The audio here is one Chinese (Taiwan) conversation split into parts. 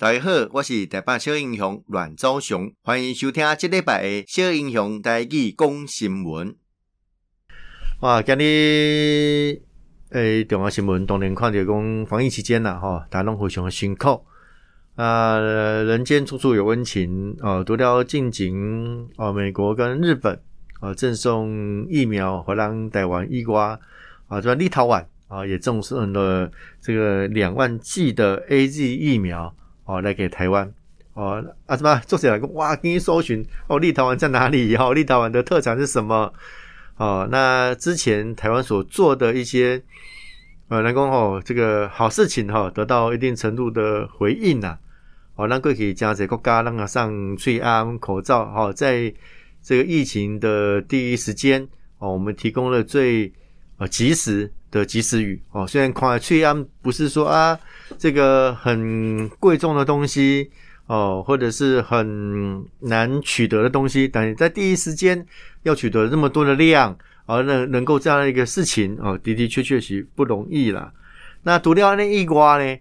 大家好，我是台北小英雄阮昭雄，歡迎收聽今禮拜嘅小英雄台語講新聞。哇，今日誒重要新聞，當然看到講防疫期間啦，吼，大家都非常辛苦。啊、呃，人間處處有溫情。哦、呃，除了進前，哦、呃，美國跟日本哦贈、呃、送疫苗，互咱台灣、伊、呃、瓜，啊，就立陶宛啊、呃、也贈送了這個兩萬劑的 A Z 疫苗。哦，來給台灣哦，啊什麼？坐起來，哇！給你搜尋哦，立陶宛在哪裡？哈、哦，立陶宛的特產是什麼？哦，那之前台灣所做的一些呃，南工哦，這個好事情哈、哦，得到一定程度的回應吶、啊。哦，讓各位加在國家，讓它上最安、啊、口罩。哈、哦，在這個疫情的第一時間，哦，我們提供了最呃及時。的及時雨哦，雖然雖然不是說啊，這個很貴重的東西哦，或者是很難取得的東西，但是在第一時間要取得那麼多的量，而能能夠這樣的一個事情哦，的的確確是不容易啦。那獨掉那一瓜呢？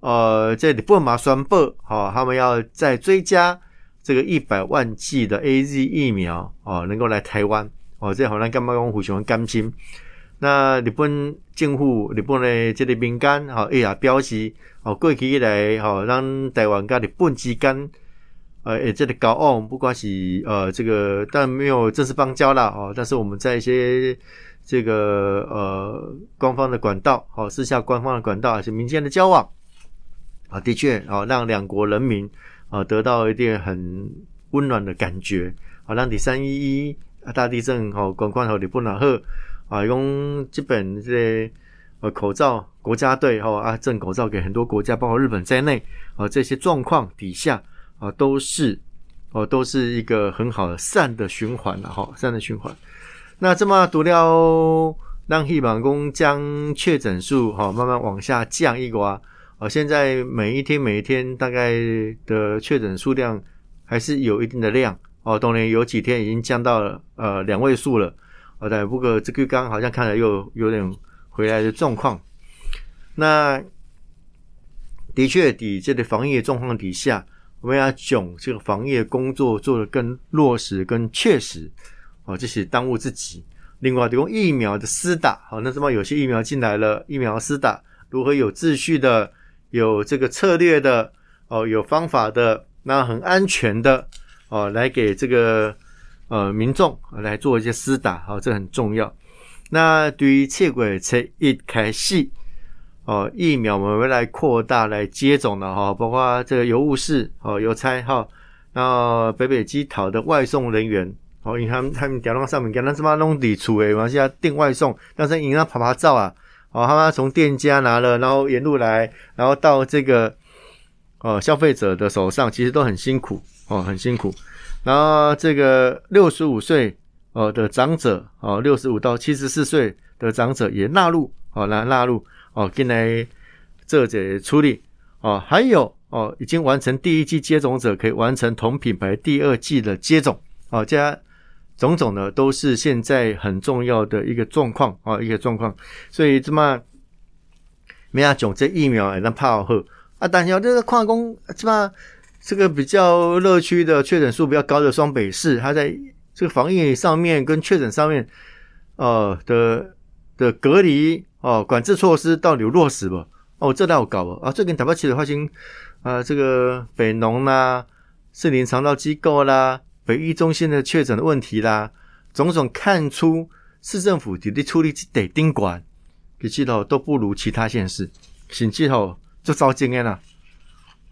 呃，這裡不馬酸不，好，他們要再追加這個一百萬劑的 AZ 疫苗哦，能夠來台灣哦，這好像幹嘛用虎歡幹精。那日本政府、日本的這個民間哈，哎、哦、呀、表、啊、示哦，過去以來，哈、哦，讓台灣跟日本之間，呃，也這個交往，不管是呃這個，但沒有正式邦交啦，哦。但是我們在一些這個呃官方的管道，哈、哦，私下官方的管道，還是民間的交往，啊、哦，的確啊、哦，讓兩國人民啊、哦、得到一點很溫暖的感覺，好、哦，讓第三一一大地震，哦、管管好，觀光好，日本也啊，用基本這些呃口罩，國家隊吼、哦、啊，贈口罩給很多國家，包括日本在內，啊、呃、這些狀況底下啊、呃、都是哦、呃、都是一個很好的善的循環了、啊、哈，善、哦、的循環。那這麼多了，讓日本公將確診數哈、哦、慢慢往下降一寡啊、呃，現在每一天每一天大概的確診數量還是有一定的量哦，當然有幾天已經降到了呃兩位數了。好的，不過這個剛剛好像看了又有點回來的狀況。那的確，底這個防疫狀況底下，我們要囧這個防疫工作做得更落實、更確實。哦，這是當務之急。另外，提供疫苗的施打，哦，那什麼有些疫苗進來了，疫苗施打如何有秩序的、有這個策略的、哦，有方法的，那很安全的，哦，來給這個。呃，民眾來做一些施打，哈、哦，這很重要。那對於測軌測一開始，哦，疫苗我們來擴大來接種了哈、哦，包括這個郵務士，哦，郵差，哈、哦，那北北基桃的外送人員，哦，因為他們他們屌弄上面，給他們他弄底出誒，往下訂外送，但是人家怕怕照啊，哦，他們從店家拿了，然後沿路來，然後到這個，哦，消費者的手上，其實都很辛苦，哦，很辛苦。然後這個六十五歲哦的長者哦，六十五到七十四歲的長者也納入哦來納入哦進來這得處理哦，還有哦已經完成第一劑接種者可以完成同品牌第二劑的接種哦，這種種的都是現在很重要的一個狀況啊，一個狀況，所以這麼沒亞種這疫苗來當炮喝啊，但是這個礦工怎麼？這個比較熱區的確診數比較高的雙北市，它在這個防疫上面跟確診上面，呃的的隔離哦、呃、管制措施到底有落實不？哦這倒搞了啊！最近台北市的話新啊這個北農啦、士林長道機構啦、北醫中心的確診的問題啦，種種看出市政府到底處理得盯管，比起頭都不如其他縣市，請記頭就遭經驗啦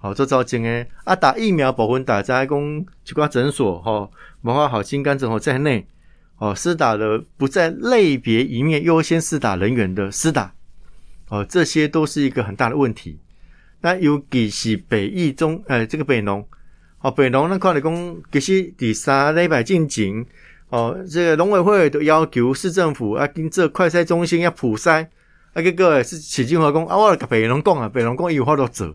哦，做造成誒啊，打疫苗部分，打加工器官診所，吼，包括好心肝診所在內，哦，施、哦、打了不在類別一面優先施打人員的施打，哦，這些都是一個很大的問題。那尤其是北疫中誒、哎，這個北農，哦，北農那看咧講，其實第三禮拜進前，哦，這個農委會都要求市政府啊，跟這快篩中心要普篩，啊，個個是市政府講啊，我來甲北農講啊，北農講伊有法度做。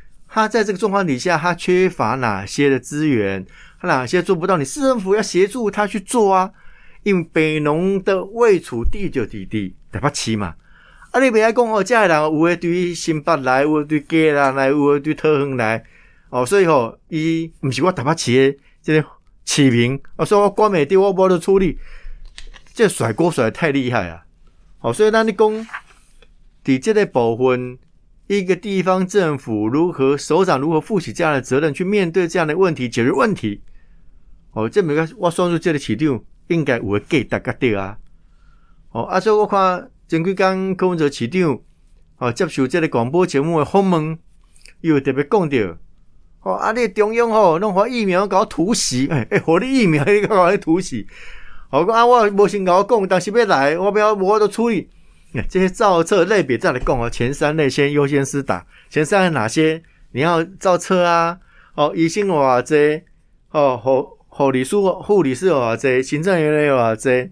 他在這個狀況底下，他缺乏哪些的資源？他哪些做不到？你市政府要協助他去做啊。因為北農的位處地就地地，台北市嘛。啊你不說，你別講哦，這人有的對新北來，有的對基隆來，有的對桃園來。哦，所以吼、哦，伊唔是我台北市的這個市民，哦，所以我官美地我無得處理，這個、甩鍋甩的太厲害了。哦，所以那你講，第這個部分。一個地方政府如何首長如何負起這樣的責任去面對這樣的問題，解決問題？哦，這沒關我算數，這個市長應該有個給大家的啊。哦，啊，所以我看前幾天工作市長，哦，接受這個廣播節目的訪問，又特別講到，哦，啊，你中央哦弄好疫苗搞突襲誒誒火力疫苗搞突襲，好、哦、啊，我無先搞講，但是要來，我不我我都處理。這些造冊類別再來講、哦、前三類先優先施打。前三類哪些？你要造冊啊？哦，醫生有啊這，哦護護理書護理師有啊這，行政人員有啊這，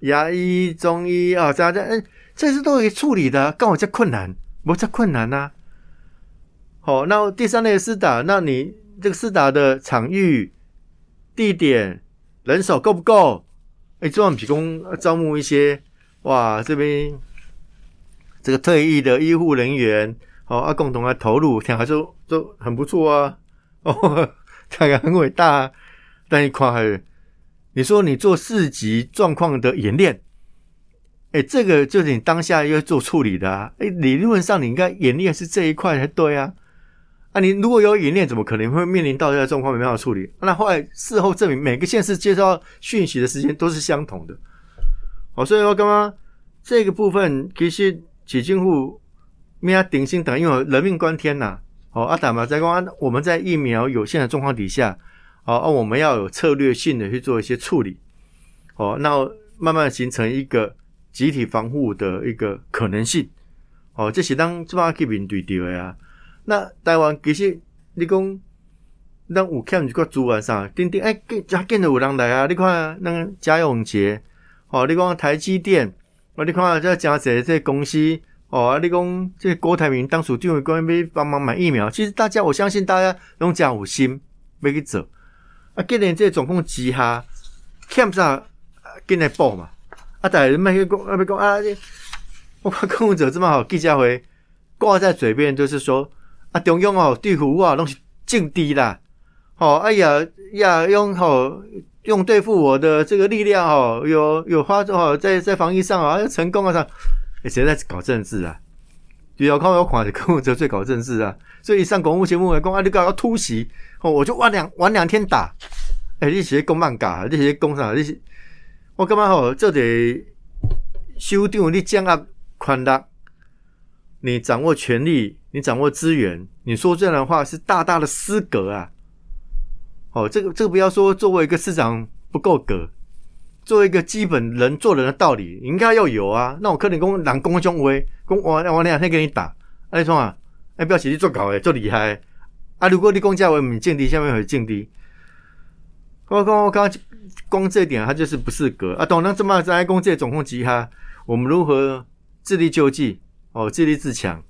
牙醫、中醫啊、哦，大家哎、欸，這些都可以處理的，剛我在困難，沒家困難吶、啊。好、哦，那第三類施打，那你這個施打的場域、地點、人手夠不夠？誒、欸，這樣提供招募一些，哇，這邊。這個退役的醫護人員，哦，啊，共同來投入，聽起來就很不錯啊，哦，看起來很偉大啊。啊但一看，還有你說你做四級狀況的演練，誒這個就是你當下要做處理的啊。啊誒理論上你應該演練是這一塊才對啊。啊，你如果有演練，怎麼可能會面臨到這個狀況沒辦法處理？那後來事後證明，每個縣市接到訊息的時間都是相同的。哦，所以說剛剛這個部分其實。起軍戶沒有頂心等，因為人命關天吶、啊。哦、啊，阿達馬在講，我們在疫苗有限的狀況底下，哦、啊，我們要有策略性的去做一些處理。哦，那慢慢形成一個集體防護的一個可能性。哦，這是咱怎麼去面對掉的啊？那台灣其實你講，咱有欠一個主啊，啥等等，哎、欸，加更多有人來啊！你看那個賈永杰，哦，你講台積電，我你看，這誠濟這公司，哦，你講這郭台銘當初政府官員要幫忙買疫苗，其實大家我相信大家攏誠有心、啊 ham, 啊啊、要去做。啊，今年這總共之下欠啥，今年報嘛？啊，逐個你袂去講，袂講啊！我看工作做這麼好，記者會掛在嘴邊就是說啊，中央對都、啊、用哦，政府啊，攏是政治啦。哦，哎呀，亞用吼。用對付我的這個力量哦，有有花哦，在在防疫上啊，要成功啊上，哎、欸，誰在搞政治啊？李小康要垮的，公我者最搞政治啊，所以上公務節目來講啊，你搞要突襲，哦，我就晚兩晚兩天打，哎、欸，你這些公辦噶，這些公商，這些，我覺得吼、哦，就得修訂你降壓寬大，你掌握權力，你掌握資源，你說這樣的話是大大的失格啊。哦，這個這個不要說，作為一個市長不夠格，作為一個基本人做人的道理應該要有啊。那我肯定講，講公兄威，講我我那天跟你打，哎、啊、說啊，哎不要是你做搞的，做厲害。啊，如果你講叫我們降低，下面會降低？我講我剛講這一點，他就是不是格啊。當然這麼在講這總攻擊哈，我們如何自力救濟？哦，自力自強。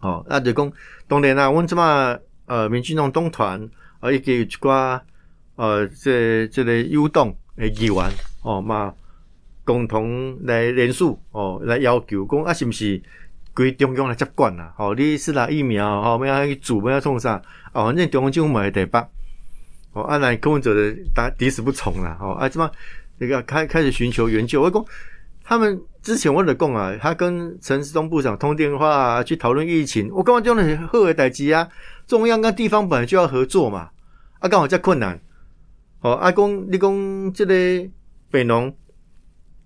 哦，那、啊、就講當然啦。我們嘛，麼呃，民進黨黨團。一個幾掛呃，這個、這個 U 黨嘅議員哦嘛，共同來聯署哦，來要求講啊，是唔是歸中央來接管啊？哦，你是拿疫苗哦，要安去做，要安從啥？哦，反正中央政府唔係台北，哦，啊，那跟我做的抵死不從啦！哦，啊，怎麼那個、哦啊、開開始尋求援救？我講他們之前問了貢啊，他跟陳時中部長通電話、啊、去討論疫情。我剛剛講的何為代志啊？中央跟地方本來就要合作嘛。啊，剛好在困難，哦，阿、啊、公你講這個北農，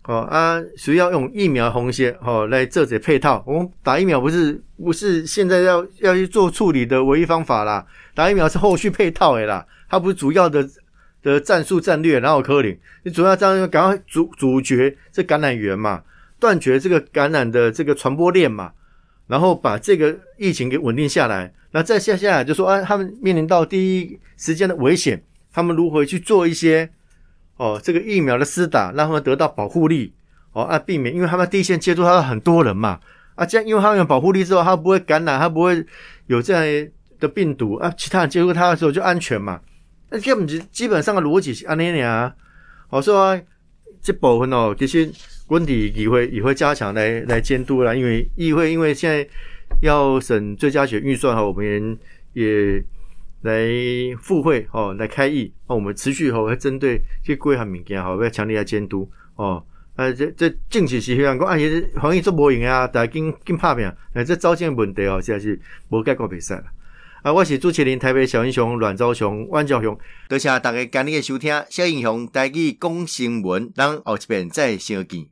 哦，啊需要用疫苗防控，哦來做這配套。我、哦、們打疫苗不是不是，現在要要去做處理的唯一方法啦，打疫苗是後續配套的啦，它不是主要的的戰術戰略。然後柯林，你主要這樣趕快主主角這感染源嘛，斷絕這個感染的這個傳播鏈嘛。然後把這個疫情給穩定下來，那再下下來就說啊，他們面臨到第一時間的危險，他們如何去做一些哦這個疫苗的施打，讓他們得到保護力哦啊，避免因為他們第一線接觸他的很多人嘛啊，這樣因為他們有保護力之後，他不會感染，他不會有這樣的病毒啊，其他人接觸他的時候就安全嘛，那根本就基本上的邏輯是安尼的啊，好、哦、說這部分哦，其實。問題也會也會加強來來監督啦，因為議會因為現在要審最佳選預算哈，我們也來赴會哦，來開議哦，我們持續哈會針對這幾項物件吼，要強力來監督哦、喔。啊，這這近期其實講過，阿爺防疫做無用啊，但經經拍片，啊這啊招生、啊、問題哦，實在是無解決比賽啦。啊，啊，我是朱啟林，台北小英雄阮昭雄、阮昭雄，多謝大家今日的收聽，小英雄帶去講新聞，咱後一遍再相見。